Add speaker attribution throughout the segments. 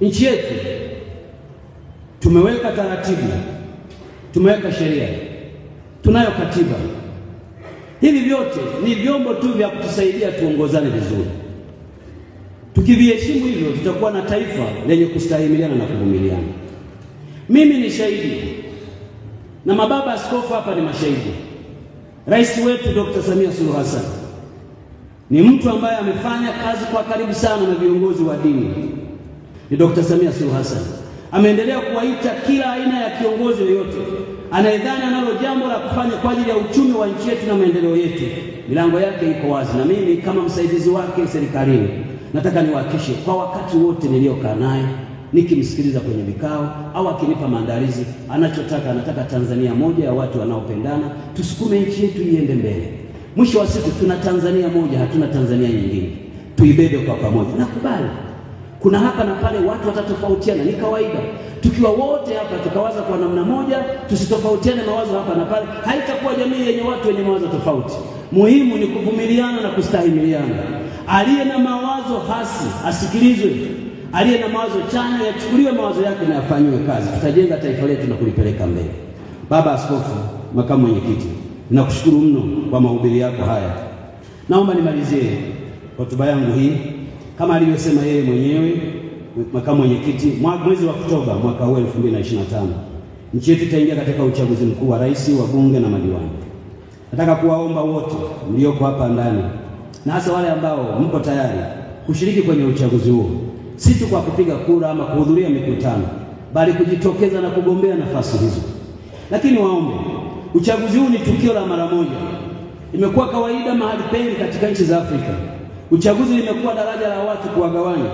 Speaker 1: Nchi yetu tumeweka taratibu, tumeweka sheria, tunayo katiba. Hivi vyote ni vyombo tu vya kutusaidia tuongozane vizuri. Tukiviheshimu hivyo, tutakuwa na taifa lenye kustahimiliana na kuvumiliana. Mimi ni shahidi na mababa askofu hapa ni mashahidi. Rais wetu Dr. Samia Suluhu Hassan ni mtu ambaye amefanya kazi kwa karibu sana na viongozi wa dini ni Dr. Samia Suluhu Hassan. Ameendelea kuwaita kila aina ya kiongozi yoyote anayedhani analo jambo la kufanya kwa ajili ya uchumi wa nchi yetu na maendeleo yetu, milango yake iko wazi, na mimi kama msaidizi wake serikalini nataka niwahakikishe kwa wakati wote niliyokaa naye nikimsikiliza kwenye vikao au akinipa maandalizi, anachotaka anataka Tanzania moja ya watu wanaopendana, tusukume nchi yetu iende mbele. Mwisho wa siku tuna Tanzania moja, hatuna Tanzania nyingine, tuibebe kwa pamoja. Nakubali kuna hapa na pale watu watatofautiana, ni kawaida. Tukiwa wote hapa tukawaza kwa namna moja, tusitofautiane mawazo hapa na pale, haitakuwa jamii yenye watu wenye mawazo tofauti. Muhimu ni kuvumiliana na kustahimiliana. Aliye na mawazo hasi asikilizwe, aliye na mawazo chanya yachukuliwe mawazo yake na yafanyiwe kazi. Tutajenga taifa letu na kulipeleka mbele. Baba Askofu, makamu mwenyekiti, ninakushukuru mno kwa mahubiri yako haya. Naomba nimalizie hotuba yangu hii kama alivyosema yeye mwenyewe makamu mwenyekiti, mwezi wa Oktoba mwaka huu 2025 nchi yetu itaingia katika uchaguzi mkuu wa rais, wa bunge na madiwani. Nataka kuwaomba wote mlioko hapa ndani na hasa wale ambao mko tayari kushiriki kwenye uchaguzi huo, si tu kwa kupiga kura ama kuhudhuria mikutano, bali kujitokeza na kugombea nafasi hizo. Lakini waombe, uchaguzi huu ni tukio la mara moja. Imekuwa kawaida mahali pengi katika nchi za Afrika Uchaguzi limekuwa daraja la watu kuwagawanya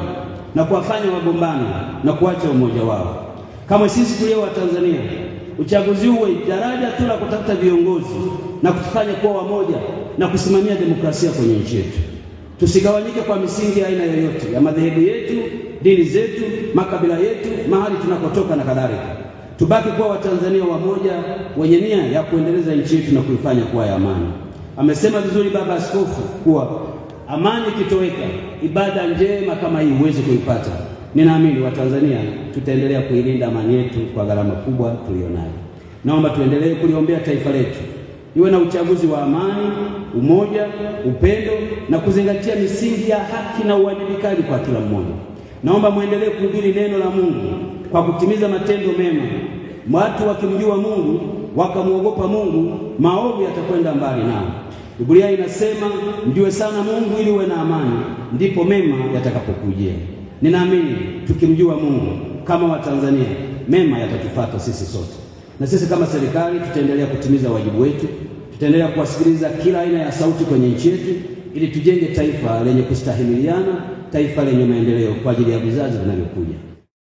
Speaker 1: na kuwafanya wagombane na kuacha umoja wao. Kama sisi tulio Watanzania, uchaguzi uwe daraja tu la kutafuta viongozi na kutufanya kuwa wamoja na kusimamia demokrasia kwenye nchi yetu. Tusigawanyike kwa misingi ya aina yoyote ya madhehebu yetu, dini zetu, makabila yetu, mahali tunakotoka na kadhalika. Tubaki kuwa Watanzania wamoja wenye nia ya kuendeleza nchi yetu na kuifanya kuwa ya amani. Amesema vizuri Baba Askofu kuwa Amani ikitoweka, ibada njema kama hii huwezi kuipata. Ninaamini Watanzania tutaendelea kuilinda amani yetu kwa gharama kubwa tuliyonayo. Naomba tuendelee kuliombea taifa letu iwe na uchaguzi wa amani, umoja, upendo na kuzingatia misingi ya haki na uwajibikaji kwa kila mmoja. Naomba mwendelee kuhubiri neno la Mungu kwa kutimiza matendo mema. Watu wakimjua Mungu wakamwogopa Mungu, maovu yatakwenda mbali nao. Biblia inasema mjue sana Mungu ili uwe na amani, ndipo mema yatakapokujia. Ninaamini tukimjua Mungu kama Watanzania, mema yatatupata sisi sote, na sisi kama serikali tutaendelea kutimiza wajibu wetu, tutaendelea kuwasikiliza kila aina ya sauti kwenye nchi yetu, ili tujenge taifa lenye kustahimiliana, taifa lenye maendeleo kwa ajili ya vizazi vinavyokuja.